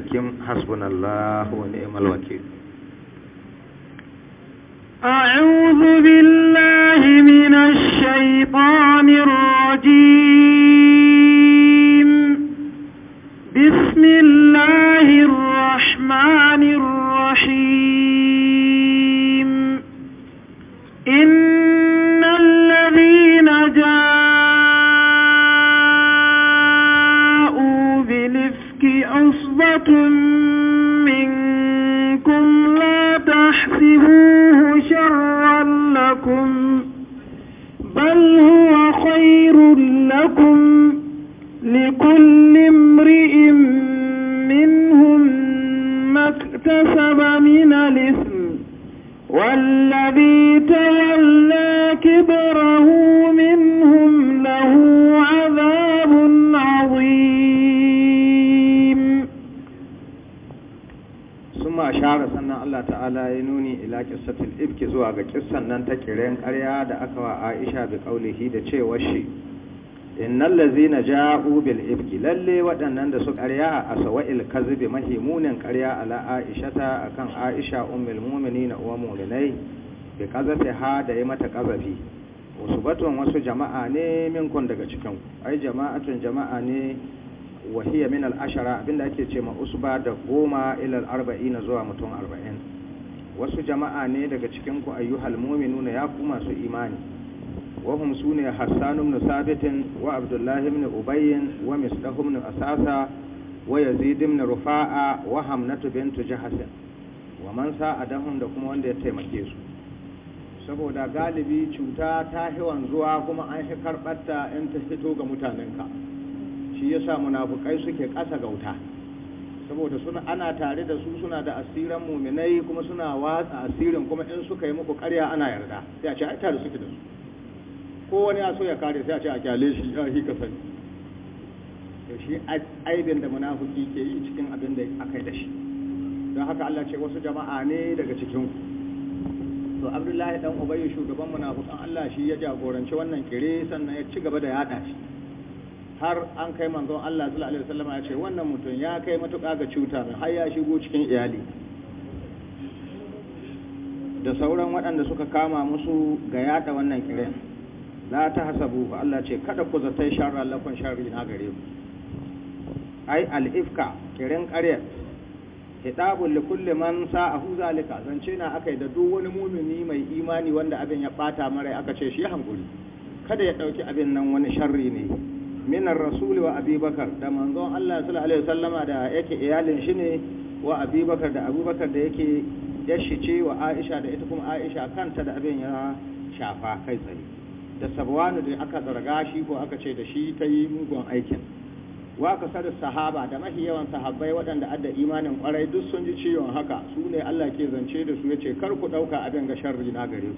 hakim hasbunallahu wa ni'mal wakil a'udhu a sawa'il kazibi mahimunin ƙarya ala aishata akan aisha ummul na uwa mu'minai bi ha da yi mata qazafi wasu batun wasu jama'a ne minkun daga cikin ai jama'atun jama'a ne wahiya min al-ashara abinda ake ce ma usba da goma ila al na zuwa mutum arba'in. wasu jama'a ne daga cikin ku ayyuhal mu'minuna ya ku masu imani وهم سوني حسان بن wa Abdullahi ne بن wa misdahum بن Asasa. ويزيد بن رفاعة وهمنة بنت جهس ومن ساعدهم da kuma wanda ya taimake su saboda galibi cuta ta hewan wanzuwa kuma an shi karɓarta in ta fito ga mutanenka shi yasa munafukai suke ƙasa gauta saboda suna ana tare da su suna da asiran muminai kuma suna watsa asirin kuma in suka yi muku ƙarya ana yarda sai a ce ai tare suke da su ko wani ya so ya kare sai a ce a kyale shi ya hi ka sani to shi aibin da munafuki ke yi cikin abin da aka yi da shi don haka Allah ce wasu jama'a ne daga cikin to Abdullahi dan Ubayy shugaban munafukan Allah shi ya jagoranci wannan kire sannan ya ci gaba da yada shi har an kai manzon Allah sallallahu alaihi wasallam ya ce wannan mutum ya kai matuƙa ga cutar har ya shigo cikin iyali da sauran waɗanda suka kama musu ga yada wannan kiren la ta hasabu Allah ce kada ku zatai sharra lafan sharri na gare ku ai al'ifka kiran ƙaryar Hidabu li kulli man sa'ahu zalika zance na akai da duk wani mumini mai imani wanda abin ya bata mara aka ce shi hankuri kada ya dauki abin nan wani sharri ne minar rasul wa abubakar da manzon Allah sallallahu alaihi wasallama da yake iyalin shi ne wa abubakar da abubakar da yake yashi ce wa Aisha da ita kuma Aisha kanta da abin ya shafa kai tsaye da sabwanu da aka zarga shi ko aka ce da shi ta yi mugun aikin wa kasar sahaba da mafi yawan sahabbai waɗanda adda imanin ƙwarai duk sun ji ciwon haka su ne Allah ke zance da su ya ce kar ku ɗauka abin ga sharri na gare ku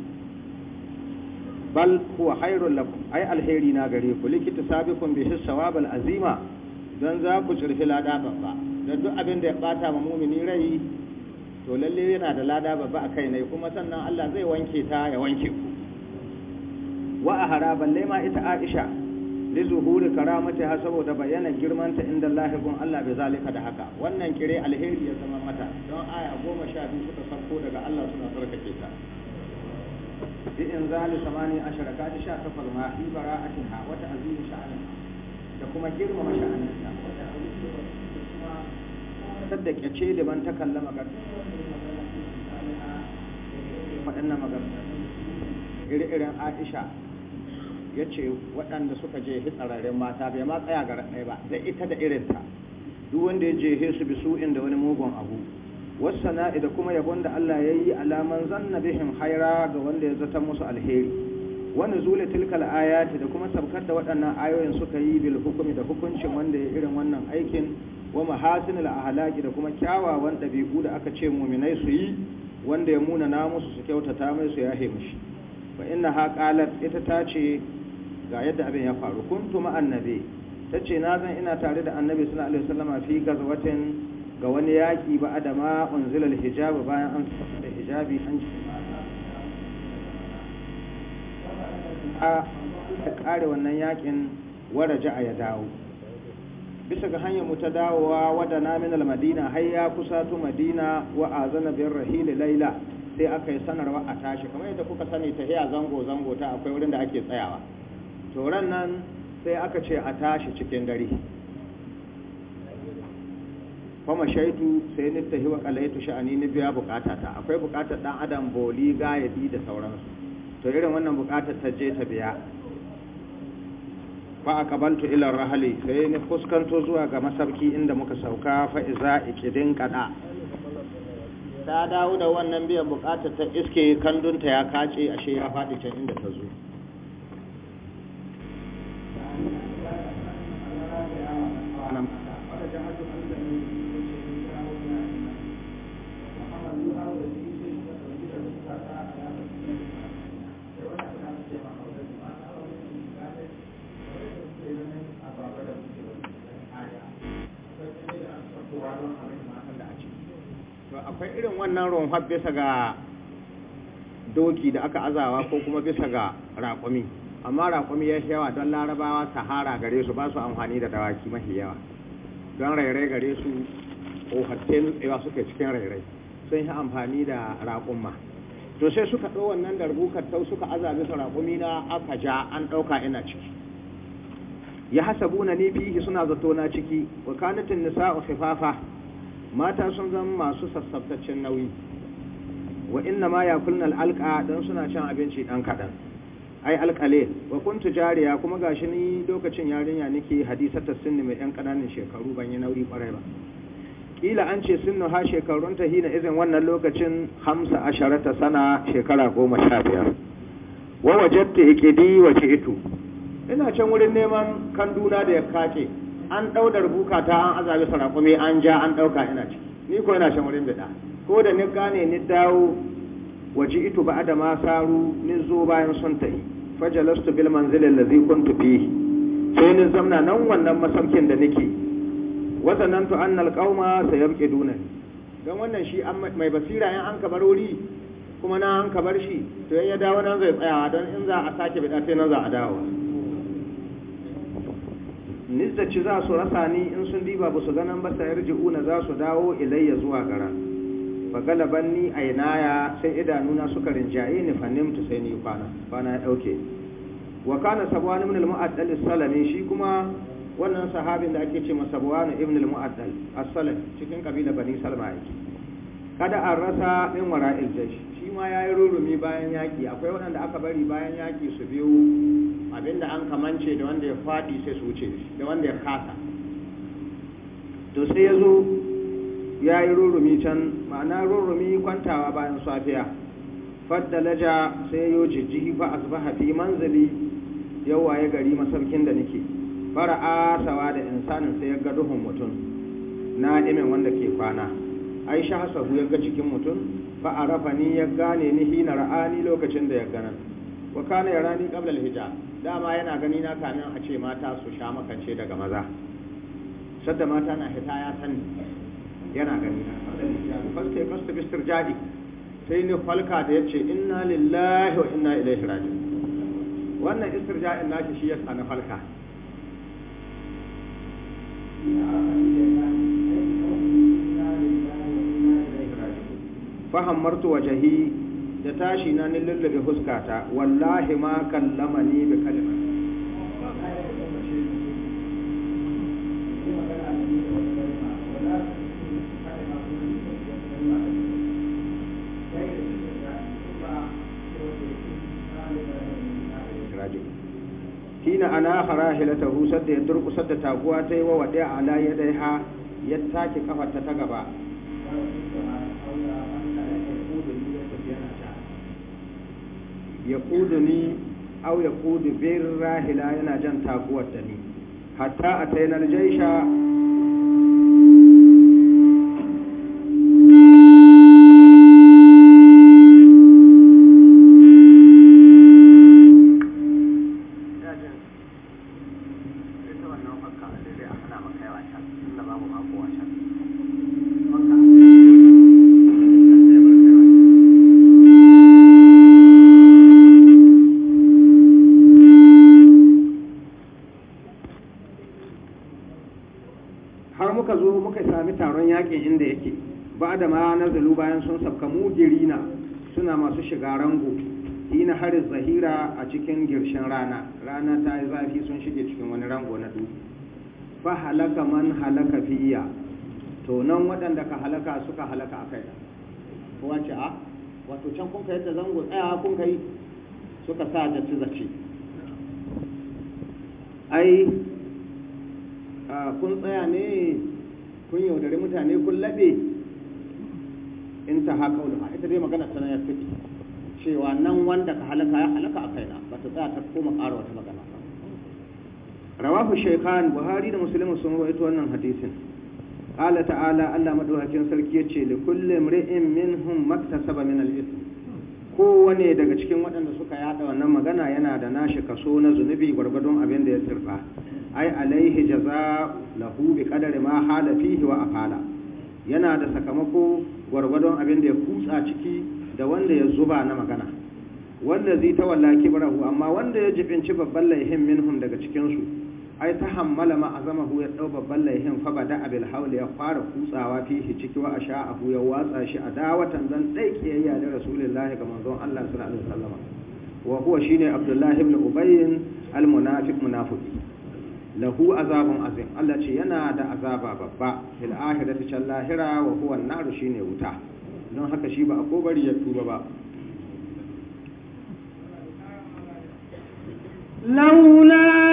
bal huwa khairul lakum ai alheri na gare ku likita sabiqun bihi sawabal azima dan za ku cirfi lada babba dan duk abin da ya bata ma mumini rai to lalle yana da lada babba a kai ne kuma sannan Allah zai wanke ta ya wanke ku wa a haraban lema ita Aisha li zuhuri karamati ha saboda bayyana girmanta inda Allah gun Allah bai zalika da haka wannan kire alheri ya zama mata don aya goma sha biyu suka sauko daga Allah suna sarkake ta bi in zali samani ashara kaji sha takwas ma fi bara'atin ha wata azimi sha'anin da kuma girmama sha'anin ta sadda ce da ban ta kalla gar waɗannan magana ire-iren Aisha ya ce waɗanda suka je hitsararren mata bai ma tsaya ga ɗaya ba da ita da irinta duk wanda ya je su bi su'in da wani mugun abu wasu wasana'i da kuma yabon da Allah ya yi alaman zanna bihin haira ga wanda ya zata musu alheri wani zule tilkal ayati da kuma sabkar da waɗannan ayoyin suka yi bil hukumi da hukuncin wanda ya irin wannan aikin wa mahasinul ahlaki da kuma kyawawan ɗabi'u da aka ce muminai su yi wanda ya muna namusu su kyautata mai su ya haimashi fa inna ha ita ta ce ga yadda abin ya faru kuntu ma annabi tace na zan ina tare da annabi sallallahu alaihi wasallama fi gazwatin ga wani yaki ba adama unzila alhijab bayan an da hijabi an a kare wannan yakin waraja ya dawo bisa ga hanyar mu ta dawowa wada na min almadina har ya kusa tu madina wa azana biyar rahil laila sai aka yi sanarwa a tashi kamar yadda kuka sani ta hiya zango zango ta akwai wurin da ake tsayawa turan nan sai aka ce a tashi cikin dare kuma shaitu sai ni ta hiwa kalaitu sha'ani ni biya bukata ta akwai bukatar dan adam boli gayadi da sauransu to irin wannan bukatar ta je ta biya fa bantu ila rahali sai ni fuskanto zuwa ga masauki, inda muka sauka fa iza ikidin kada ta dawo da wannan biyan bukatar ta iske kandunta ya kace ashe ya faɗi can inda ta zo أعلم akwai irin wannan ruwan bisa ga doki da aka azawa ko kuma bisa ga raƙumi amma raƙumi ya yawa don larabawa sahara gare su ba su amfani da dawaki mafi yawa don rairai gare su ƙofatte nutsewa suke cikin rairai sun yi amfani da raƙumma to sai suka ɗo wannan darbukar tau suka azabi su raƙumi na aka ja an ɗauka ina ciki ya hasabu na ni fihi suna zato na ciki wa kanatin nisa'u khifafa mata sun zama masu sassabtaccen nauyi wa inna ma yakulna al'alqa dan suna cin abinci dan kaɗan. ai alƙale wa kuntu jariya kuma gashi ni lokacin yarinya nake hadisatar sunni mai yan ƙananan shekaru ban yi nauyi ƙwarai ba kila an ce sunnu ha shekarun ta hina izin wannan lokacin hamsa asharata sana shekara goma sha biyar wa wajatta iqidi wa ji'tu ina can wurin neman kanduna da ya kake an ɗau da rubuka ta an azabi sarakume an ja an ɗauka ina ci ni ko ina shan wurin bida ko da ni gane ni dawo waje ito ba Adama saru ni zo bayan sun tafi fajalastu bil manzil allazi kuntu fi sai ni zamna nan wannan masaukin da nake wa annal qauma alqauma sayabqiduna dan wannan shi mai basira in an kabar wuri kuma na an kabar shi to ya dawo nan zai tsayawa don in za a sake bida sai nan za a dawo nizzaci za su rasa ni in sun diba ba su ganin ba sayar ji'una za su dawo ilayya zuwa gara fagalaban ni a inaya sai idanuna suka rinjaye ni ta sai ni kwana kwana ya ɗauke wa kana sabuwan ibn al-mu'addal salami shi kuma wannan sahabin da ake ce masa sabuwan ibn al-mu'addal as salam cikin kabila bani salma yake kada an rasa min wara'il jashi shi ma yayi rurumi bayan yaki akwai waɗanda aka bari bayan yaki su biyo abinda an kamance da wanda ya fadi sai su wuce da wanda ya kasa to sai yazo ya yi rurumi can ma'ana rurumi kwantawa bayan safiya Laja sai yo jijjihi fa zuba hafi manzili yau waye gari masaukin da nake a sawa da insanin sai ya ga duhun mutum na imin wanda ke kwana aisha hasahu ya ga cikin mutum fa rafa ni ya gane ni hina ra'ani lokacin da ya gana wa kana yarani rani al dama yana gani na kamin a ce mata su sha makance daga maza sadda mata na hita ya sani yana gani falke fasu bistir jadi sai ni falka da ya ce inna lillahi wa inna ilaihi raji wannan istirja'in na shi ya sani falka fahammartu wajahi da tashi na ni lullube huskata wallahi ma ne bi kalimati hilata husar da ya durkusar da taguwa ta yi wa wade ala ya dai ha ya take kafarta ta gaba ya kudu ni au ya kudu birra rahila yana jan taguwar da ni hatta a tainar jaisha bari zahira a cikin girshin rana rana ta yi zafi sun shige cikin wani rango na dutse fa halaka man halaka fiya to nan waɗanda ka halaka suka halaka a kai kowa ce a ah, wato can kun kai da zango tsaya kun kai suka sa da ci zace ai kun tsaya ne kun yaudari mutane kun laɓe in ta haka haƙa ita dai magana tana ya fiti cewa nan wanda ka halaka ya halaka a kaina ba ta tsaya ta koma ƙara wata magana ba rawahu shaykhan buhari da muslim sun rawaito wannan hadisin qala ta'ala Allah madawakin sarki yace li kulli imri'in minhum maktasaba min al-ithm wane daga cikin waɗanda suka yada wannan magana yana da nashi kaso na zunubi gwargwadon abin da ya sirfa ai alaihi jaza lahu bi qadari ma hala fihi wa aqala yana da sakamako gwargwadon abin da ya kutsa ciki da wanda ya zuba na magana wanda zai ta walla kibrahu amma wanda ya jibinci babban laihin minhum daga cikin su ai ta hammala ma azamahu ya dau babban laihin fa bada abil ya fara kutsawa fihi ciki wa a ya watsa shi a dawatan zan dai kiyayya da rasulullahi ga manzon Allah sallallahu alaihi wasallam wa huwa shine abdullahi ibn ubayy al munafiq munafiqi lahu azabun azim Allah ce yana da azaba babba fil akhirati lahira wa huwa an-nar shine wuta don haka shi ba a ko bari ya tuba ba laula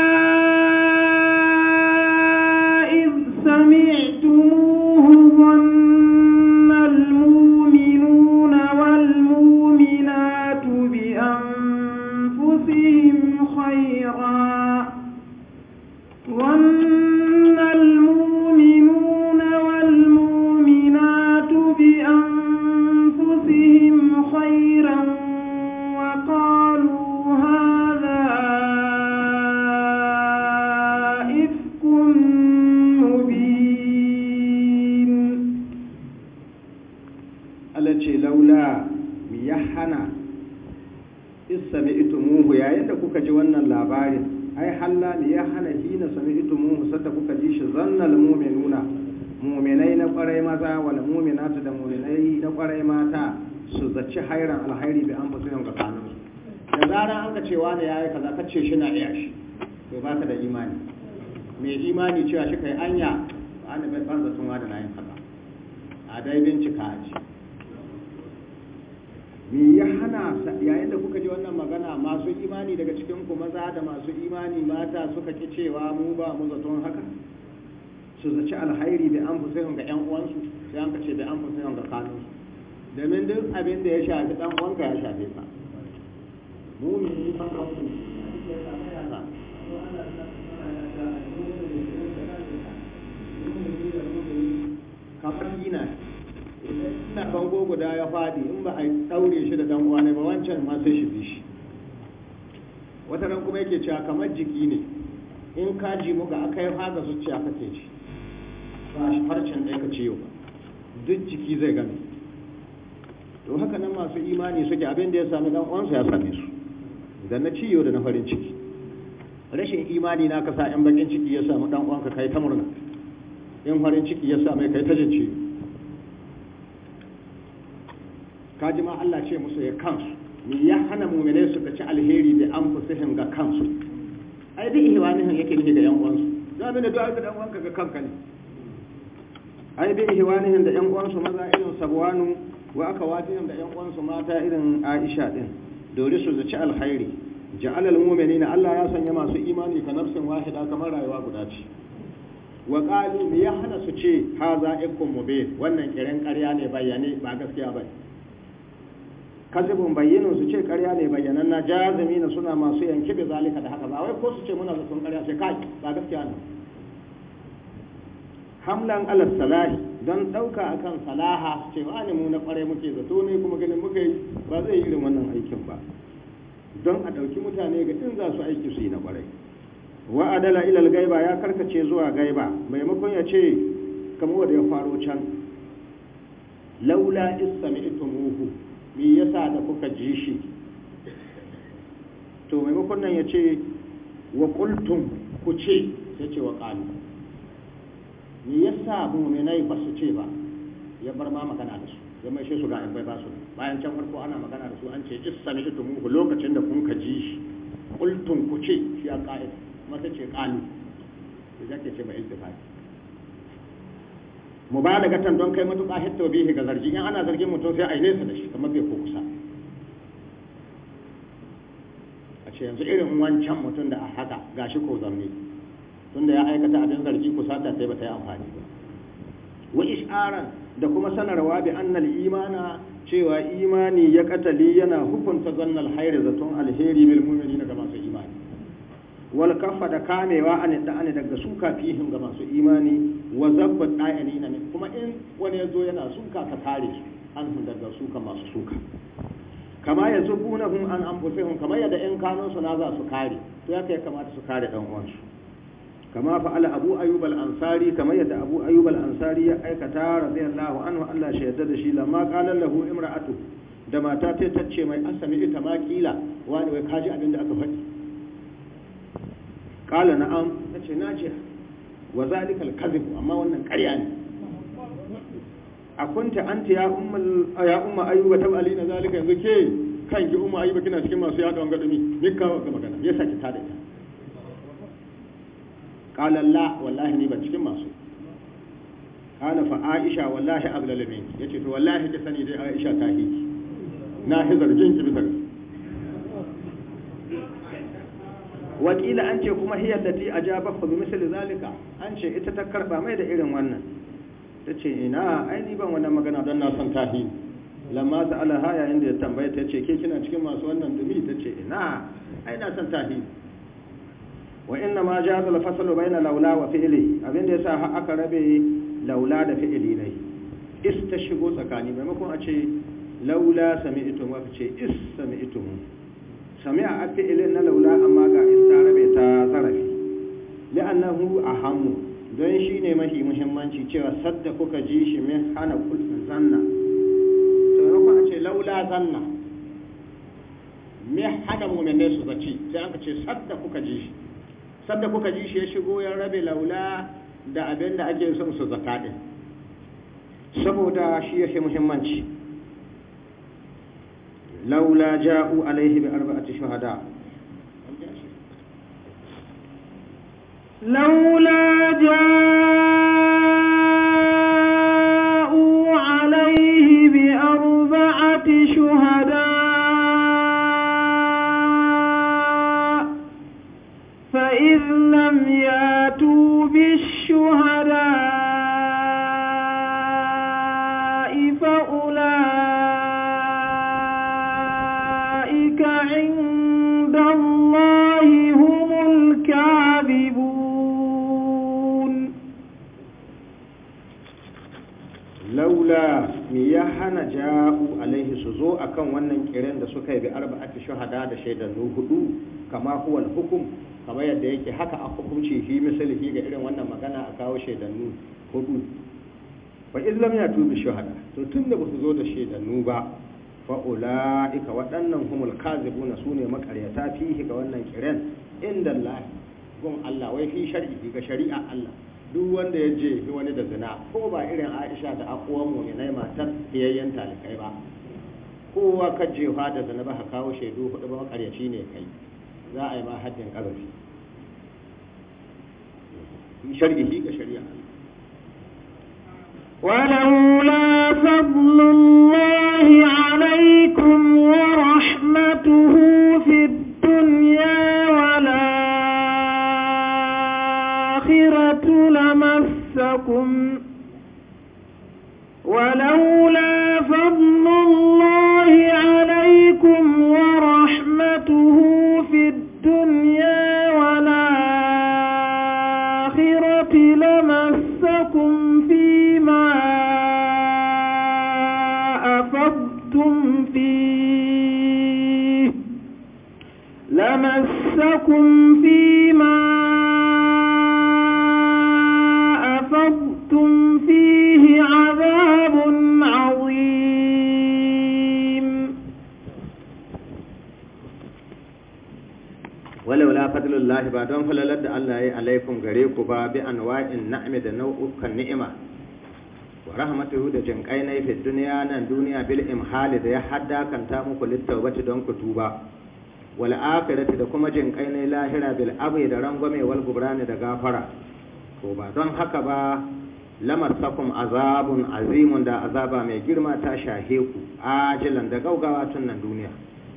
ce shi na iya shi to ba ka da imani mai imani cewa shi kai anya ba ana bai ban zaton wada na yin haka a dai bincika a ci me ya hana yayin da kuka ji wannan magana masu imani daga cikin ku maza da masu imani mata suka ki cewa mu ba mu zaton haka su zaci alhairi da an fusayin ga yan uwansu sai an kace da an fusayin ga kanunsu domin duk abin da ya shafi dan uwanka ya shafe ka mu ne ba ka kamar gina ina bango guda ya faɗi in ba a daure shi da dan uwane ba wancan ma sai shi bi shi wata ran kuma yake cewa kamar jiki ne in ka ji muka aka yi haga zuciya kake ci ba shi farcen ɗaya ka ciyo ba duk jiki zai gane to haka nan masu imani suke abin da ya sami dan uwansa ya same su idan na ciyo da na farin ciki rashin imani na kasa 'yan bakin ciki ya samu dan uwanka kai ta murna in farin ciki ya sa mai kai ta jince kaji ma Allah ce musu ya kansu ya hana mu'minai suka ci alheri da anfusihim ga kansu ai bi ihwanihim yake ne ga yan uwansu da abin da duk da dan uwanka ga kanka ne ai bi ihwanihim da yan uwansu maza irin sabwanu wa aka wajin da yan uwansu mata irin Aisha din dori su zaci alkhairi ja'alal mu'minina Allah ya sanya masu imani ka nafsin wahida kamar rayuwa guda ce wa qalu ya hana su ce haza ikum mubin wannan kiran ƙarya ne bayyane ba gaskiya ba kasibun bayyana su ce ƙarya ne bayyanan na jazimi na suna masu yanki da zalika da haka ba wai ko su ce muna zaton ƙarya ce kai ba gaskiya ne hamlan alas salahi don ɗauka akan salaha wa ne mu na ƙwarai muke zato ne kuma ganin muka yi ba zai yi irin wannan aikin ba don a ɗauki mutane ga in za su aiki su yi na ƙwarai wa adala ilal gaiba ya karkace zuwa gaiba maimakon ya ce kamar da ya faro can laula istami'tumuhu me yasa da kuka ji shi to maimakon nan ya ce wa qultum ku ce sai ce wa qalu me yasa mu'minai ba su ce ba ya bar ma magana da su ya mai su ga in bai ba su bayan can farko ana magana da su an ce is sami shi tumu lokacin da kun ka ji shi kultun ku ce shi a ka'id kuma ce kani da ke ce ba iltifati gatan don kai matuƙa hitta bihi ga zargi in ana zargin mutum sai a yi nesa da shi kamar bai ko kusa a ce yanzu irin wancan mutum da a haka shi ko zamne tunda ya aikata abin zargi kusata sai ba ta yi amfani ba wa isharan da kuma sanarwa bi annal imana cewa imani ya katali yana hukunta zannal hairi zaton alheri bil mu'minina ga masu imani wal kafa da kamewa an da an daga suka fihim ga masu imani wa zabba da'irina min kuma in wani yazo yana suka ka kare su an daga suka masu suka kama ya zubunahum an anfusihum kama yadda in kano su na za su kare to ya kamata su kare dan uwansu kama fa'ala abu ayyub al-ansari kama yadda abu ayyub al-ansari ya aikata radiyallahu anhu Allah shi yadda da shi lamma qala lahu imra'atu da mata ta tace mai asami ita ma kila wani wai kaji abin da aka faɗi qala na'am tace naji wa zalika al-kadhib amma wannan ƙarya ne akunta anta ya umma ya umma ayyuba tabalina zalika yanzu ke kanki umma ayyuba kina cikin masu yaɗa wangadumi mikka ga magana me yasa ki tada ita qala la wallahi ni ban cikin masu qala fa aisha wallahi aglala Ya ce to wallahi ki sani dai aisha ta hi na hi zargin ki bisa wakila an ce kuma hiyar da ti a ja bakwa bi misali zalika an ce ita ta karba mai da irin wannan ta ce ina aini ban wannan magana don na san tahi lamma ta alaha yayin da ya tambaye ta ce ke kina cikin masu wannan dumi ta ce ina ai na san tahi wa inna ma jazal bai na laula wa fi'li abinda yasa har aka rabe laula da fi'li ne is ta shigo tsakani maimakon a ce laula sami'tum aka ce is sami'tum sami'a a fi'lin na laula amma ga is ta rabe ta zarafi a ahammu don shine mafi muhimmanci cewa sadda kuka ji shi min hana kullu zanna to maimakon a ce laula zanna me hana mu'minai su zaci sai an ce sadda kuka ji shi sanda kuka ji shi ya shigo ya rabe laula da abin da ake son su zaka din saboda shi ya fi muhimmanci laula ja'u alaihi bi arba'ati shuhada laula ja'u عند الله هم الكاذبون لولا ميهنا جاءوا عليه سوزو akan wannan kiran da suka yi bi arba'ati shuhada da shaidannu hudu kama huwal hukum kamar yadda yake haka a hukunci shi misali ga irin wannan magana a kawo shaidannu hudu fa illam ya tubi ba su zo da shaidannu ba fa'ula'ika waɗannan humul kazibuna sune ne makaryata fihi ga wannan kiran inda Allah gun Allah wai fi shari'i ga shari'a Allah duk wanda ya je wani da zina ko ba irin Aisha da akuwan mu'minai matar biyayyen talikai ba kowa ka jefa da zina ba ka kawo shaidu hudu ba makaryaci ne kai za a yi ma haddin kabari sharhi ga shari'a ولولا فضل الله عليكم ورحمته في الدنيا والآخرة لمسكم ولولا أفضتم فيه لمسكم فيما أفضتم فيه عذاب عظيم ولولا فضل الله بعدهم فللد الله عليكم بَابِ أنواع النعمة دَنَوْءُ كَالنِّئِمَةِ rahmatuhu da jinkai na fi duniya nan duniya bil imhali da ya hadda kan ta muku littawbati don ku tuba wal akhirati da kuma jinkai na lahira bil abi da rangwame wal gubrani da gafara to ba don haka ba lamasakum azabun azimun da azaba mai girma ta shahe ku ajilan da gaugawa tun nan duniya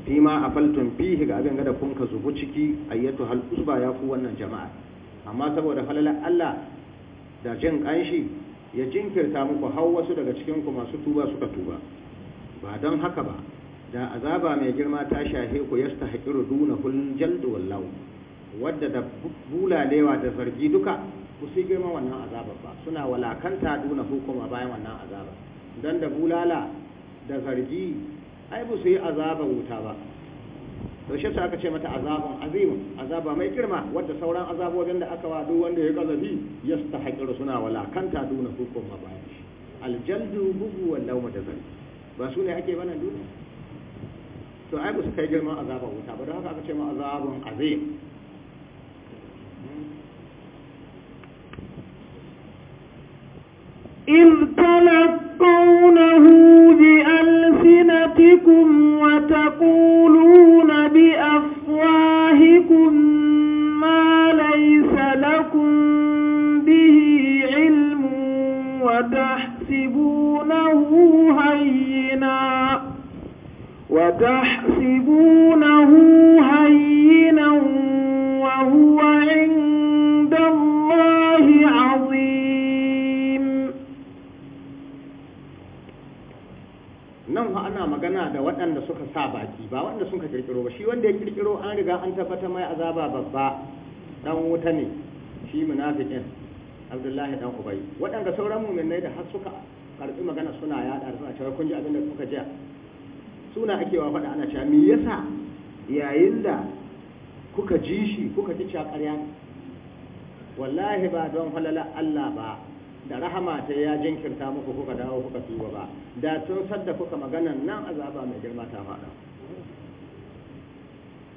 fima afaltum fihi ga abin da kun ka zubu ciki ayyatu hal usba ya ku wannan jama'a amma saboda falalar Allah da jin kanshi ya jinkirta muku hau wasu daga cikinku masu tuba suka tuba ba don haka ba da azaba mai girma ta shahe ku ya sta haƙiru duna kullun jaldu wallahu wadda da bulalewa da zargi duka ku sai girma wannan azabar ba suna walakanta duna hukuma bayan wannan azabar don da bulala da zargi ai ba su yi azabar wuta ba to shi aka ce mata azabun azimun azaba mai girma wadda sauran azabobin da aka wadu wanda ya kazafi ya ta wala suna walakanta duna hukun ma bayan shi aljaldu bugu lauma da zari ba su ne ake bana duniya to ai ba su kai girman azabar wuta ba don haka aka ce ma azabun azim an tabbata mai azaba babba dan wuta ne shi munafiqin abdullahi dan ubay waɗanda sauran muminai da har suka karbi magana suna yaɗa suna cewa kun ji abin da kuka ji suna ake wa faɗa ana cewa me yasa yayin da kuka ji shi kuka ji cewa ƙarya wallahi ba don falala Allah ba da rahama ta ya jinkirta muku kuka dawo kuka tuba ba da tun sadda kuka maganan nan azaba mai girma ta faɗa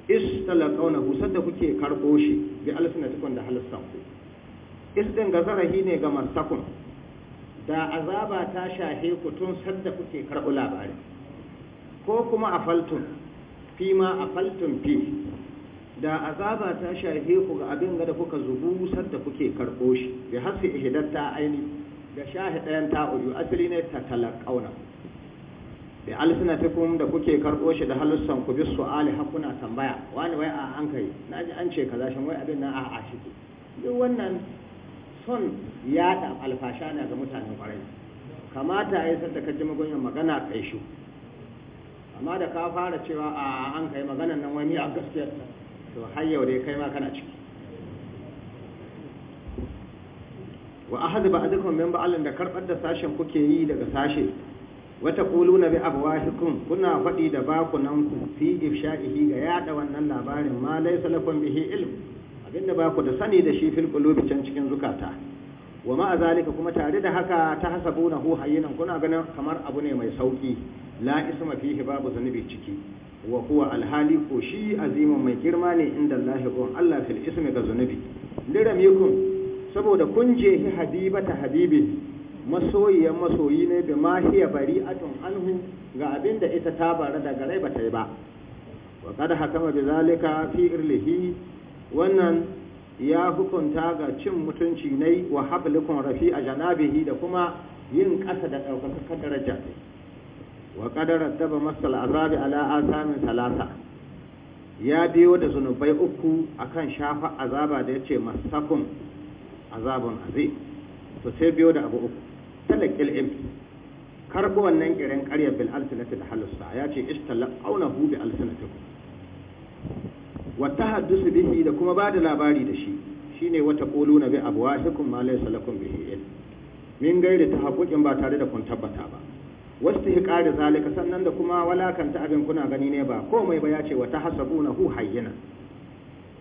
istalaqawna busar da kuke karbo shi bi alsinatikum da halassan ku is ga zarahi ne ga martakun da azaba ta shahe ku tun sadda kuke karbo labari ko kuma afaltun fi ma afaltun fi da azaba ta shahe ku ga abin da kuka zubu da kuke karbo shi bi hasi ihdatta aini da shahe ɗayan ta'udu asali ne ta talakauna bi alsinatikum da kuke karɓo shi da halussan ku bi su'ali hakuna tambaya wani wai a an kai na ji an ce kaza shin wai abin nan a a shi duk wannan son da alfasha ne ga mutanen kwarai kamata a yi sadda ka ji magunyan magana kai shi amma da ka fara cewa a an kai maganan nan wani a gaskiyar to har yau dai kai ma kana ciki wa ahadu ba adukum min ba'alin da karbar da sashen kuke yi daga sashe wata kuluna bi abwahikum kuna faɗi da bakunan ku fi ifsha'ihi ga yaɗa wannan labarin ma laysa lakum bihi ilm abinda baku da sani da shi fil qulubi can cikin zukata wa ma zalika kuma tare da haka ta hu hayyinan kuna ganin kamar abu ne mai sauki la isma fihi babu zunubi ciki wa huwa alhali ko shi azimun mai girma ne inda Allah Allah fil ismi ga zanubi kun, saboda kun je habibata habibin masoyiya masoyi ne da mahiya bari atun anhu ga abin da ita ta bara daga rai ba ta yi ba wa kada haka bi zalika fi irlihi wannan ya hukunta ga cin mutunci ne wa hablikun rafi a janabihi da kuma yin ƙasa da ɗaukaka daraja ne wa kadarar daba masal azabi ala asamin ya biyo da zunubai uku akan shafa azaba da ya ce masakun azabun azim to sai biyo da abu uku talakil im karbo wannan kiran ƙarya bil alsinati da halussa ya ce auna hu bi alsinati wa tahaddusu bihi da kuma ba da labari da shi shine wata na bi abwahikum ma laysa lakum bihi ilm min ta hakukin ba tare da kun tabbata ba wasu hikari zalika sannan da kuma walakanta abin kuna gani ne ba komai ba ya ce wata hasabu na hu hayyana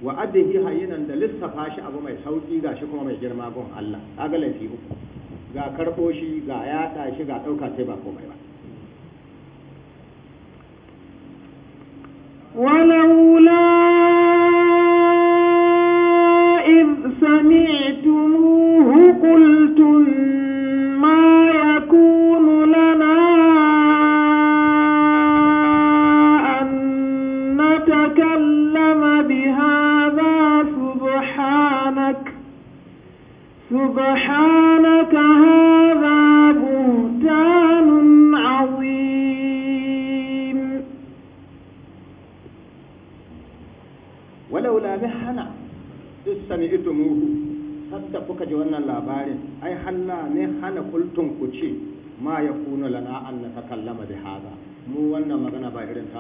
wa addihi hayyanan da lissafa shi abu mai sauki gashi kuma mai girma gun Allah kaga laifi uku ga karɓo shi ga yaɗa shi ga ɗauka sai ba komai ba ولولا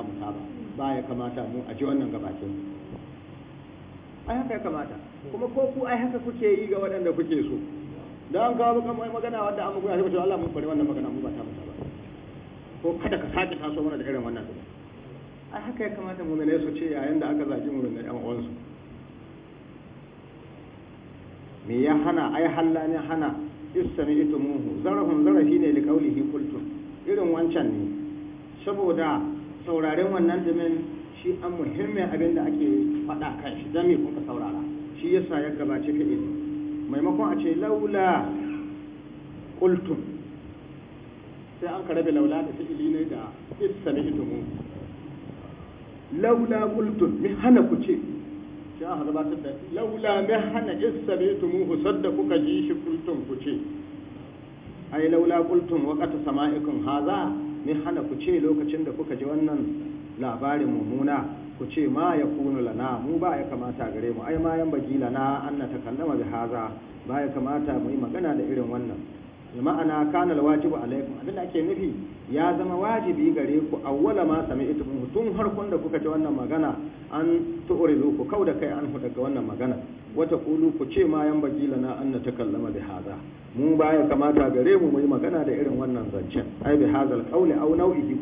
mu saba ba ya kamata mu a ji wannan gabatin ai haka ya kamata kuma ko ku ai haka kuke yi ga waɗanda kuke so da an kawo baka magana wadda an mugu ya ce Allah mun bari wannan magana mu ba ta mata ba ko kada ka sake taso mana da irin wannan ai haka ya kamata mu ne su ce yayin da aka zagi mu ne ɗan uwansu me ya hana ai halla ne hana ita itumuhu Zarafin zarafi ne li qawlihi qultum irin wancan ne saboda sauraren wannan dumin shi an muhimmin abin da ake faɗa kan shi zan yi kuka saurara shi yasa ya gabace ka ilimi maimakon a ce laula kultum sai an ka laula da fi'ili ne da isami itumu laula kultum mi hana ku ce shi an gabatar da laula mi hana isami itumu husar da kuka ji shi kultum ku ce ai laula kultum wakata sama'ikun haza min hana ku ce lokacin da kuka ji wannan labarin mummuna ku ce ma ya kunu lana mu ba ya kamata gare mu ai ma yan bagila na an na takallama bi haza ba ya kamata mu yi magana da irin wannan bi ma'ana kana alwajibu alaikum abinda ake nufi ya zama wajibi gare ku awwala ma sami'tum tun harkon da kuka ji wannan magana an tu'ridu ku kauda kai an hu daga wannan magana wata kulu ku ce ma yan bagila na an natakallama bi hada mu baya kamata gare mu mu yi magana da irin wannan zancen ai bi hadal alqawli aw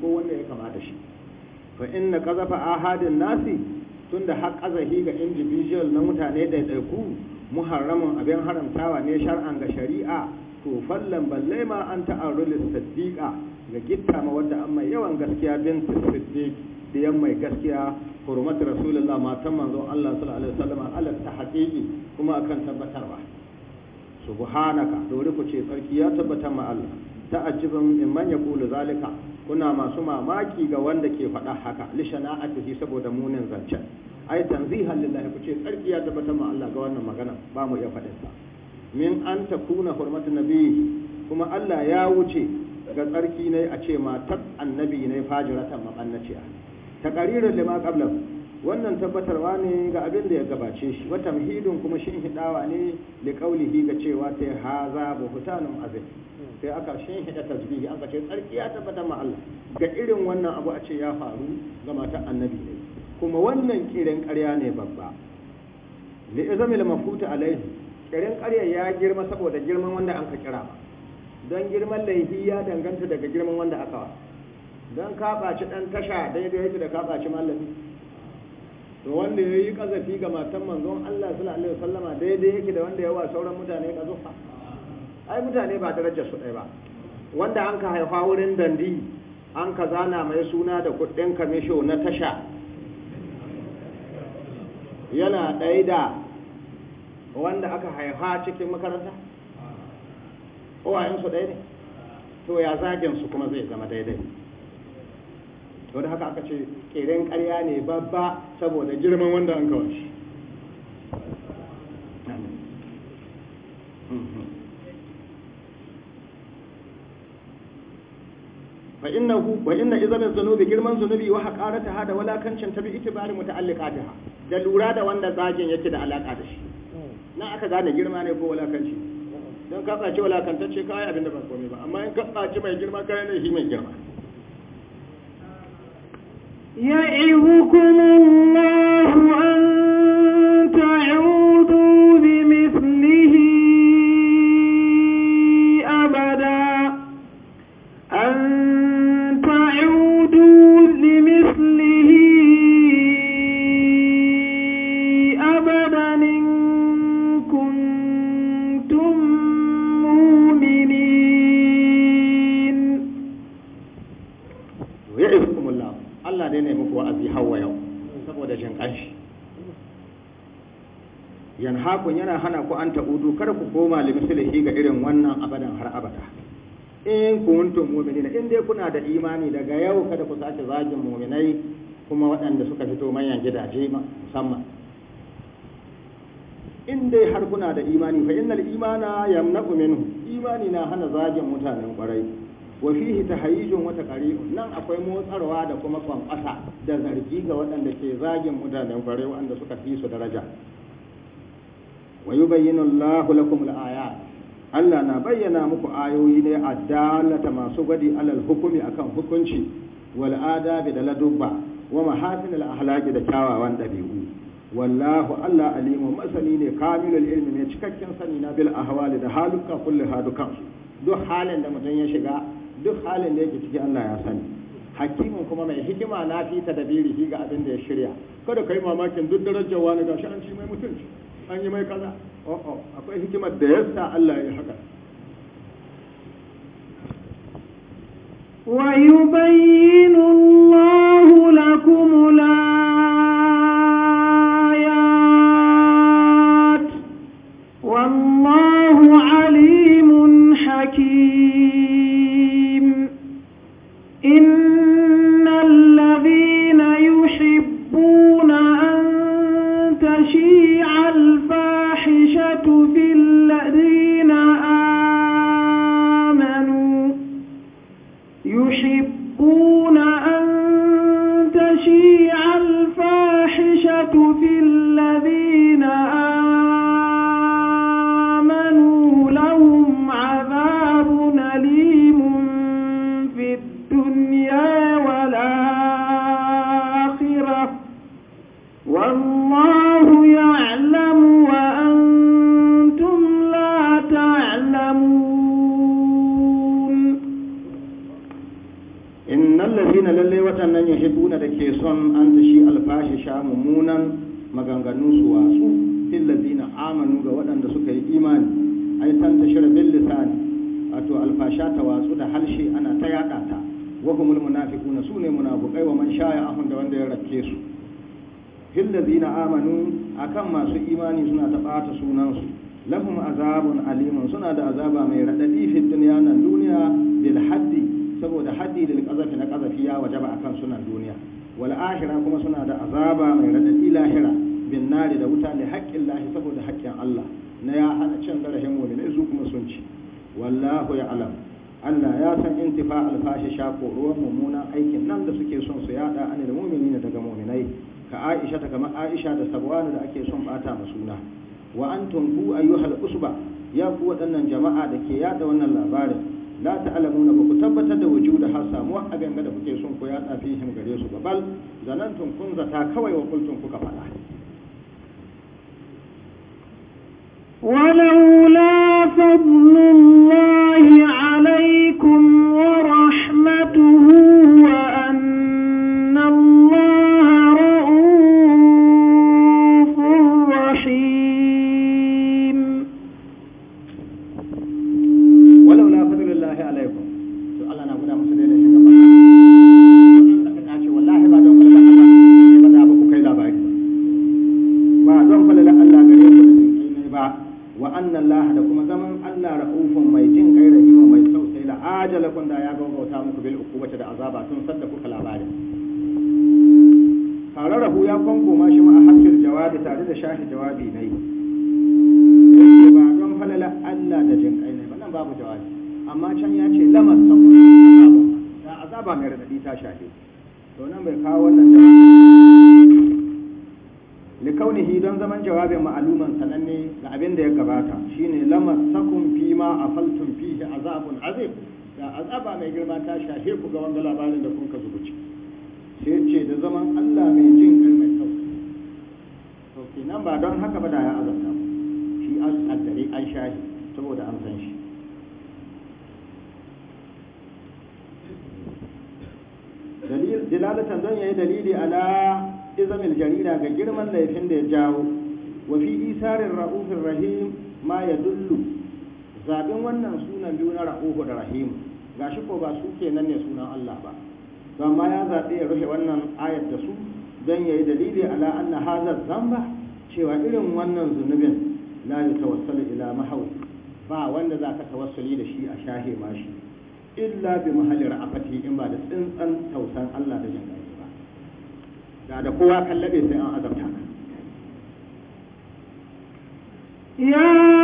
ko wanda ya kamata shi fa inna qazafa ahadin nasi tunda har azahi ga individual na mutane da ku muharramin abin haramtawa ne shar'an ga shari'a to fallan balle ma an ta'arrul saddiqa ga gitta ma wanda amma yawan gaskiya bin siddiq diyan mai gaskiya hurmat rasulullah matan manzo Allah sallallahu alaihi wasallam ala tahqiqi kuma akan tabbatarwa subhanaka dole ku ce tsarki ya tabbata ma Allah ta'ajibun in man yaqulu zalika kuna masu mamaki ga wanda ke faɗa haka a shana'atihi saboda munin zancen ai tanzihan lillahi ku ce tsarki ya tabbata ma Allah ga wannan magana ba mu iya faɗin sa min an kuna hurmatu nabi kuma Allah ya wuce ga tsarki ne a ce matar annabi ne fajiratan mabannaciya taqaririn lima qabla wannan tabbatarwa ne ga abin da ya gabace shi wa tamhidun kuma shin hidawa ne li qawlihi ga cewa ta haza buhtanun azim sai aka shin hida tasbihi aka ce tsarki ya tabbatar ma Allah ga irin wannan abu a ce ya faru ga matar annabi ne kuma wannan kiran ƙarya ne babba li izamil mafuta alaihi garin ƙarya ya girma saboda girman wanda an ka kira don girman laifi ya danganta daga girman wanda aka wa don kaɓaci ɗan tasha daidai yake da kaɓaci mallami to wanda ya yi ƙazafi ga matan manzon Allah sallallahu alaihi wasallama daidai yake da wanda ya wa sauran mutane ƙazufa ai mutane ba darajar su ɗaya ba wanda an ka haifa wurin dandi an ka zana mai suna da kuɗin kamisho na tasha yana ɗaya da wanda aka haifa cikin makaranta uwayensu ɗaya ne to ya zagin su kuma zai zama daidai to da haka aka ce ƙeren ƙarya ne babba saboda girman wanda an kawai shi mhm. fa innahu wa inna izama zunubi girman zunubi wa haqarataha da walakancin tabi itibari muta'alliqatiha da lura da wanda zagin yake da alaka da shi na aka gane girma ne ko walakanci don ka tsaci walakantacce abinda ba komai ba amma in ka mai girma kayan ne shi mai girma ya'ihukumullah koma limislihi ga irin wannan abadan har abada in kuntum mu'minina in dai kuna da imani daga yau kada ku sake zagin mu'minai kuma waɗanda suka fito manyan gidaje musamman in dai har kuna da imani fa innal imana yamna'u minhu imani na hana zagin mutanen kwarai wa fihi tahayyujun wa taqari'un nan akwai motsarwa da kuma kwankwasa da zargi ga waɗanda ke zagin mutanen kwarai waɗanda suka fi su daraja wa yubayyinu Allahu lakum al Allah na bayyana muku ayoyi ne a dalata masu gwadi alal hukumi akan hukunci wal adabi da ladubba wa mahasin al ahlaki da kyawawan dabi'u wallahu Allah alimu masani ne kamilul ilmi ne cikakken sani na bil ahwali da haluka kulli hadukan duk halin da mutum ya shiga duk halin da yake ciki Allah ya sani hakimin kuma mai hikima na fi tadabirihi ga abin da ya shirya kada kai mamakin duk darajar wani gashi an ci mai mutunci an yi mai kaza o'o oh, oh, akwai hikimar da yasa Allah ya haka ويبين الله لكم في bal zanantum kun zata kawai wa kultum kuka faɗa ولولا فضل da ya jawo wa fi isarin ra'ufin rahim ma ya dullu zaɓin wannan sunan biyu na ra'ufin rahim ga shi ko ba su ke nan ne sunan Allah ba to ma ya zaɓe ya rufe wannan ayar da su don ya yi dalili ala anna hazar zamba cewa irin wannan zunubin la yi tawassalu ila mahau ba wanda za ka tawassali da shi a shahe ma shi illa bi mahalli ra'afati in ba da tsintsan tausan Allah da jin ba da da kowa kallabe sai an azabta ka يا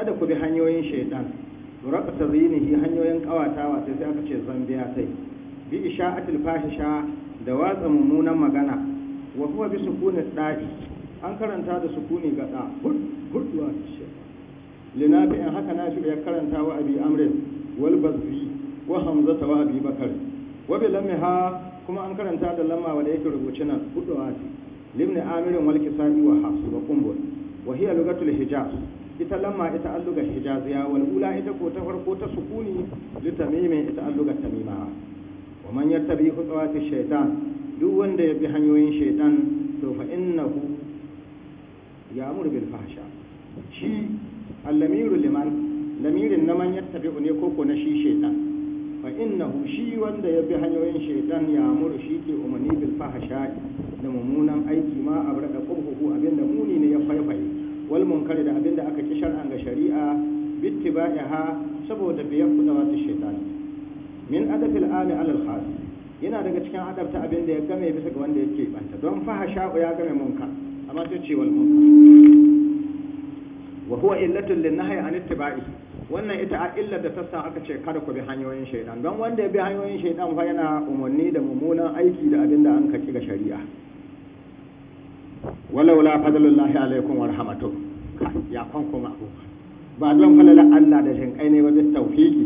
kada ku bi hanyoyin shaitan raka ta zinihi hanyoyin kawatawa sai sai aka ce zambiya sai bi isha'atul fashisha da watsa mummunan magana wa kuma bi sukuni ɗaki. an karanta da sukuni ga da hud Lina bi an haka na ya karanta wa abi amrin wal bazbi wa ta wa abi bakar wa bi lamha kuma an karanta da lamma wanda yake rubuce nan hudwa Limni amirin walki sa'i wa hafsu wa Kumbur. wa hiya lugatul hijaz ita lamma ita allugar hijaziya wal ula ita ko ta farko ta sukuni li tamimi ita allugar tamima wa man yattabi khutuwati shaytan duk wanda ya bi hanyoyin shaytan to fa innahu ya'mur bil fahsha shi al-lamiru liman lamirin na man yattabi ne koko na shi shaytan fa innahu shi wanda ya bi hanyoyin shaytan ya'mur shi ke umani bil fahsha da mummunan aiki ma abrada qubhu abinda muni ne ya faifaye wal munkari da abinda aka ki shar'an ga shari'a bittiba'iha saboda kudawa ta shaitan min adafil ami alal khas yana daga cikin adabta abin da ya game bisa ga wanda yake banta don fahasha ya game munka amma sai ce wal munka wa huwa illatul linnahi an ittiba'i wannan ita a illar da tassa aka ce kada ku bi hanyoyin shaidan don wanda ya bi hanyoyin shaidan fa yana umarni da mummunan aiki da abin da an kaci ga shari'a walaula fadlullahi alaikum wa rahmatu ya kon kuma ba don falala Allah da jin kai ne wa tawfiki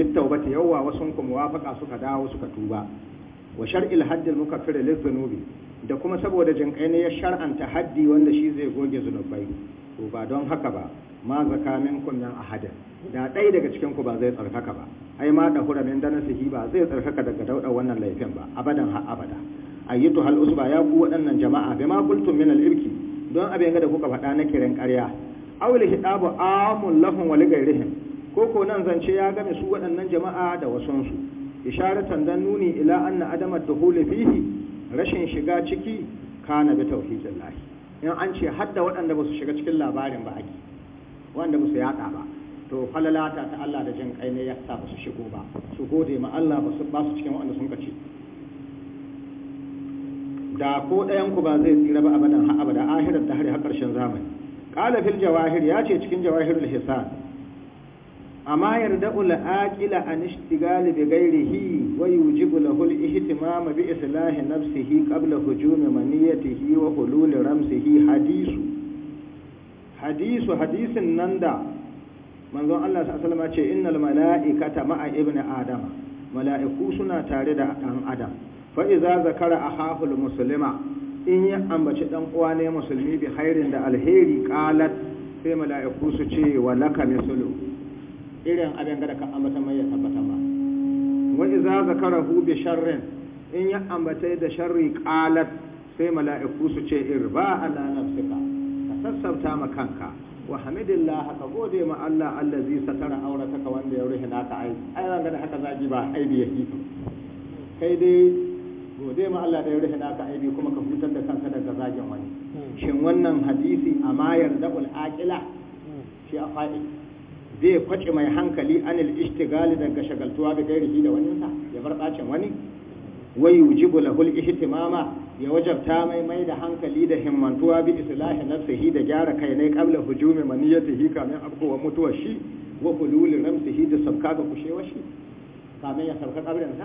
littaubati yawa wasun ku muwafaqa suka dawo suka tuba wa shar'il haddil mukaffir lizunubi da kuma saboda jin ne ya shar'anta haddi wanda shi zai goge zunubai to ba don haka ba ma zaka kun min ahadin da ɗaya daga cikin ku ba zai tsarkaka ba ai ma da huramin da nasihi ba zai tsarkaka daga dauda wannan laifin ba abadan ha abada ayyatu hal usba ya ku waɗannan jama'a bima qultum min al don abin da kuka faɗa na kiran ƙarya aw hidabu ba amun lahum wa li ko ko nan zance ya game su waɗannan jama'a da su isharatan dan nuni ila anna adama dukhuli fihi rashin shiga ciki kana bi tauhidillah in an ce hadda waɗanda ba su shiga cikin labarin ba ake wanda ba su yada ba to falalata ta Allah da jin kai ne ya sa ba su shigo ba su gode ma Allah ba su cikin waɗanda sun kace da ko ɗayanku ba zai tsira ba abadan ha abada ahirar ta har har zamani qala fil jawahir ya ce cikin jawahirul hisan amma yarda ul aqila an ishtigal bi ghairihi wa yujibu lahu al ihtimam bi islahi nafsihi qabla hujumi maniyatihi wa hulul ramsihi hadisu hadisu hadisin nan da manzon Allah sallallahu alaihi wasallam ce innal mala'ikata ma'a ibni adama mala'iku suna tare da ɗan adam fa'iza zakara a haful musulma in ya ambaci ɗan uwa ne musulmi bi hairin da alheri ƙalat sai mala'iku su ce wa laka misulu irin abin da ka ambata mai ya tabbata ba iza zakara hu bi sharrin in ya ambata da sharri ƙalat sai mala'iku su ce irba ala nafsika ka sassauta ma kanka wa hamidillah ka gode ma Allah allazi satara aurataka wanda ya ruhina ka ai ai da haka zaki ba aibi yake kai dai gode ma Allah da ya rufe naka aibi kuma ka hutar da kanka daga zagin wani hmm. shin wannan hadisi a mayar da'ul aqila hmm. shi a fa'i zai kwace mai hankali anil ishtigali daga shagaltuwa da gairi da sa ya bar bacin wani wai yujibu lahul ihtimama ya wajabta mai mai da hankali da himmantuwa bi islahi nafsihi da gyara kai ne qabla hujumi maniyatihi kamin afkowa mutuwar shi wa hulul ramsihi da sabka ga kushewa shi kamin ya sabka kabrin sa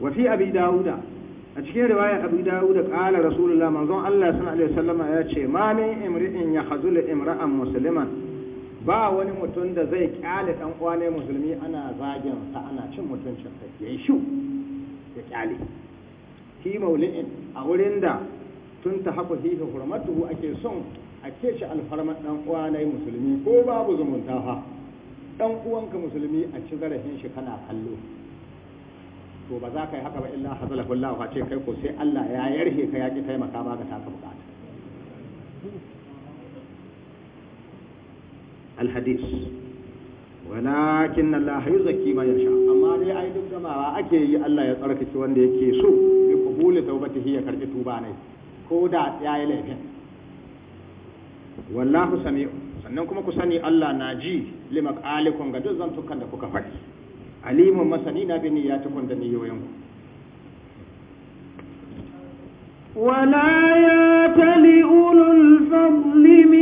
wa fi abi a cikin riwaya abi dawuda qala rasulullah manzon Allah sallallahu alaihi ya ce ma min imri'in yahzul imra'an musliman ba wani mutum da zai kyale dan uwane musulmi ana zagin sa ana cin mutuncin sa yayi shu ya kyale ki mauli'in a wurin da tun ta haku hihi hurmatuhu ake son a ce shi alfarmar dan uwanai musulmi ko babu zumunta fa dan uwanka musulmi a ci zarafin shi kana kallo to ba za ka yi haka ba illa hazala kullahu fa ce kai ko sai Allah ya yarhe ka ya ki taimaka ma ga taka bukata hadis walakin Allah yuzakki man yasha amma dai ai duk jama'a ake yi Allah ya tsarkake wanda yake so bi qabuli tawbati hiya karbi tuba ne ko da ya yi laifin wallahu sami'u sannan kuma ku sani Allah na ji limak alikum ga duk zantukan da kuka faɗi alimun masani na bin ya tukun da niyoyin wala ya tali ulul fadli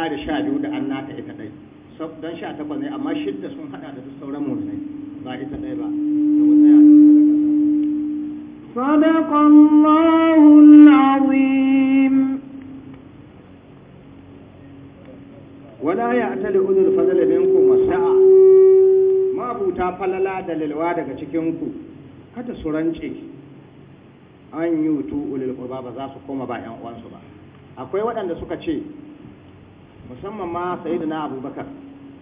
ƙari sha biyu da an nata ita ɗai don sha takwas ne amma shidda sun haɗa da sauran ne ba ita ɗai ba da صدق الله العظيم ولا يأتل أولو الفضل منكم ما بوتا فللا daga cikinku kada su rance an yi wutu ulil ba za su koma ba 'yan uwansu ba akwai waɗanda suka ce musamman ma sayyidina abubakar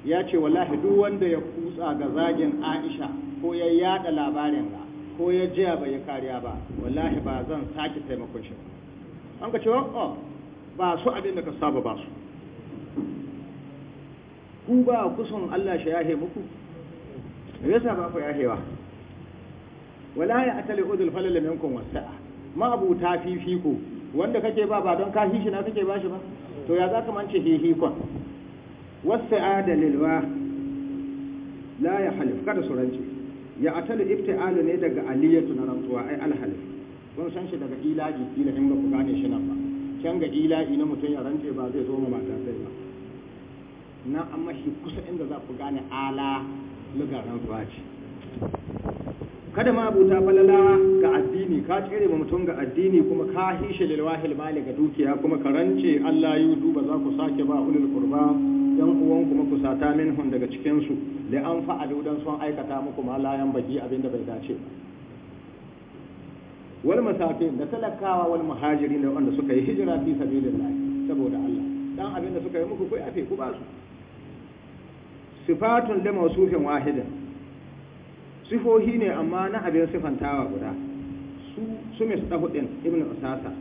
ya ce wallahi duk wanda ya kutsa ga zagin aisha ko ya yada labarin ga ko ya jiya bai ya kariya ba wallahi ba zan sake taimakon shi an ka ce oh, oh ba su abin da ka saba ba su ku ba kusan Allah shi yahe muku me yasa ba ku yahewa wallahi atali udul falal minkum wasa ma abu tafifiku wanda kake ba ba don ka hishi na kake ba shi ba to ya za ka mance hihikon wasu adalilwa la ya halif kada su rance ya atalu ibti'alu ne daga aliyatu na rantsuwa ai alhalif kun san shi daga ilaji kila in ba ku gane shi nan ba can ga ilaji na mutum ya rance ba zai zo ma mata sai ba na amma shi kusa inda za ku gane ala lugar rantsuwa ce kada ma abuta falalawa ga addini ka tsere ma mutum ga addini kuma ka hishe lilwahil mali ga dukiya kuma ka rance Allah yu duba za ku sake ba ulul qurba yan uwan kuma ku sata minhum daga cikin su da an fa'alu dan sun aikata muku ma layan baki abinda bai dace ba wal masakin da talakawa wal muhajirin da wanda suka yi hijira fi sabilillah saboda Allah dan abinda suka yi muku ku afe ku ba su sifatun da mausufin wahidan sifohi ne amma na abin sifantawa guda su su mai suɗa ibn usasa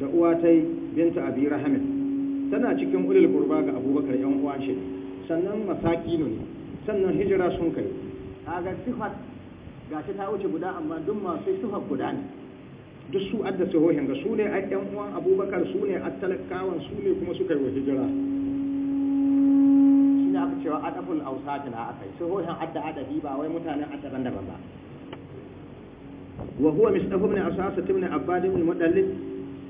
da uwa ta binta abi rahamin tana cikin ulil gurba ga abubakar yan uwan shi sannan masakinu ne sannan hijira sun kai kaga sifat shi ta wuce guda amma duk masu sifat guda ne duk su adda sifohin ga su ne yan uwan abubakar su ne a talakawan su ne kuma suka yi wa hijira cewa adabul ausati na akai shuhuhin adda adabi ba wai mutanen adaban daban ba wa huwa misdahu min asasa ibn abbad ibn mudallib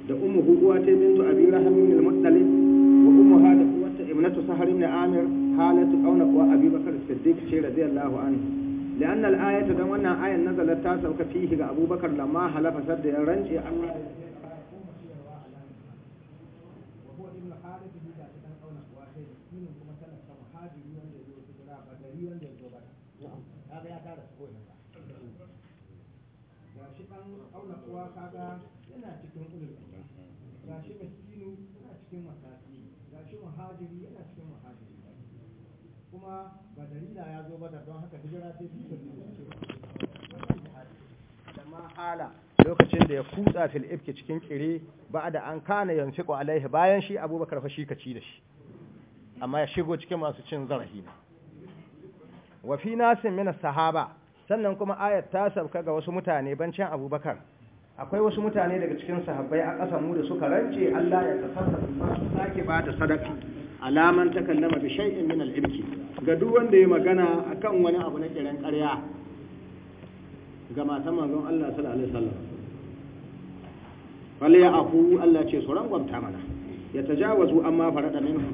da ummu huwa ta bintu abi rahim ibn mudallib wa ummu hada uwata ibnatu sahar ibn amir halatu qauna wa abi bakr siddiq ce radiyallahu anhu لأن الآية دون آية نزلت تاسع كفيه أبو بكر لما حلف سد رنج auna kuwa kaga yana cikin ulul ga shi maskinu yana cikin masaki ga shi muhajiri yana cikin muhajiri kuma ba dalila ya zo ba da don haka hijira ta fi da ma hala lokacin da ya kutsa fil ifki cikin kire ba da an kana yanfiqu alaihi bayan shi abubakar fa shi kaci da shi amma ya shigo cikin masu cin zarafi ne wa fi nasin min sahaba sannan kuma ayat ta sauka ga wasu mutane bancin abubakar akwai wasu mutane daga cikin sahabbai a ƙasar mu da suka rance Allah ya tasarrafa su sake ba da sadaka alaman ta kallama bi shay'in min al-ibki ga duk wanda ya magana akan wani abu na kiran ƙarya ga mata manzon Allah sallallahu alaihi wasallam wal afu Allah ce su rangwamta mana ya tajawazu amma farada minhu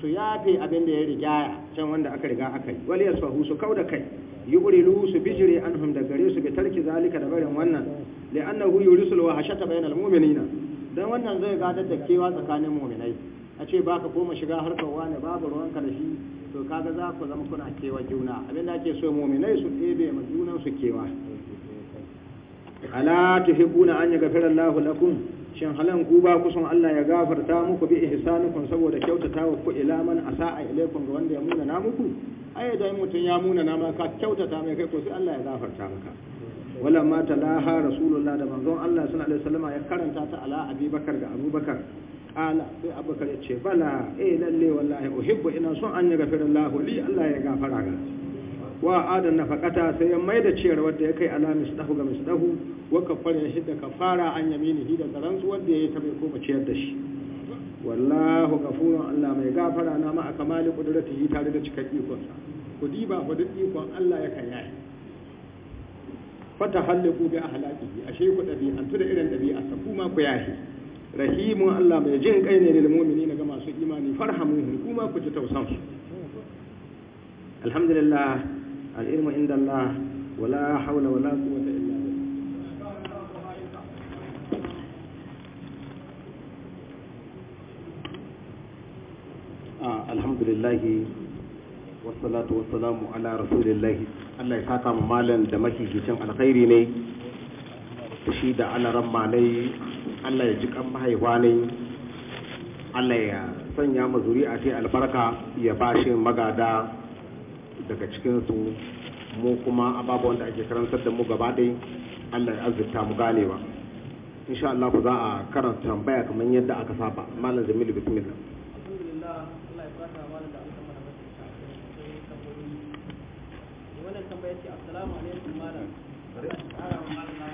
su yafe abin ya rigaya can wanda aka riga aka yi ya yasfahu su kauda kai yubrilu su bijire hum da gare su bi tarki zalika da barin wannan li'annahu yurisul wahashata bainal mu'minina dan wannan zai gadar da kewa tsakanin mu'minai a ce baka koma shiga harkar wani babu ruwan karshe to kaga za ku zama kuna kewa juna abin da ake so mu'minai su ɗebe ma junan su kewa ala tuhibuna an yaghfira Allahu lakum shin halan ku ba ku son Allah ya gafarta muku bi ihsanukum saboda kyautata wa ku ila man asaa ilaikum ga wanda ya muna na muku ai da mutun ya muna na ma ka kyautata mai kai ko sai Allah ya gafarta maka wala ma talaha rasulullah da manzon Allah sallallahu alaihi wasallam ya karanta ta ala abubakar abu abubakar ala sai abubakar ya ce bala eh lalle wallahi uhibbu ina son an ya gafara lahu li Allah ya gafara ga wa adan nafaqata sai ya maida ciyar wanda ya kai ala misdahu ga misdahu wa kafara ya da kafara an yaminihi da su wanda ya tabe koma ciyar da shi wallahu ghafurun Allah mai gafara na ma aka mali qudratihi tare da cikar sa kudi ba fa duk ikon Allah ya kan yayi fata bi a ashe ku dabi'antu da irin dabi'a ta kuma ku yayi rahimu Allah mai jin kai ne lil mu'minin ga masu imani farhamu kuma ku ji tausan su alhamdulillah العلم عند الله ولا حول ولا قوة إلا بالله آه الحمد Allah ya saka mu malam da makikicin alkhairi ne da shi da alaran malai ya ji kan ne Allah ya sanya mu zuri'a ce albarka ya bashe magada daga cikinsu mu kuma ababuwan da ake karantar da mu gaba dai allah ya azurta mu ganewa insha Allah ku za a karanta tambaya kamar yadda aka saba malam jamilu bismillah wannan tambaya ce assalamu alaikum malam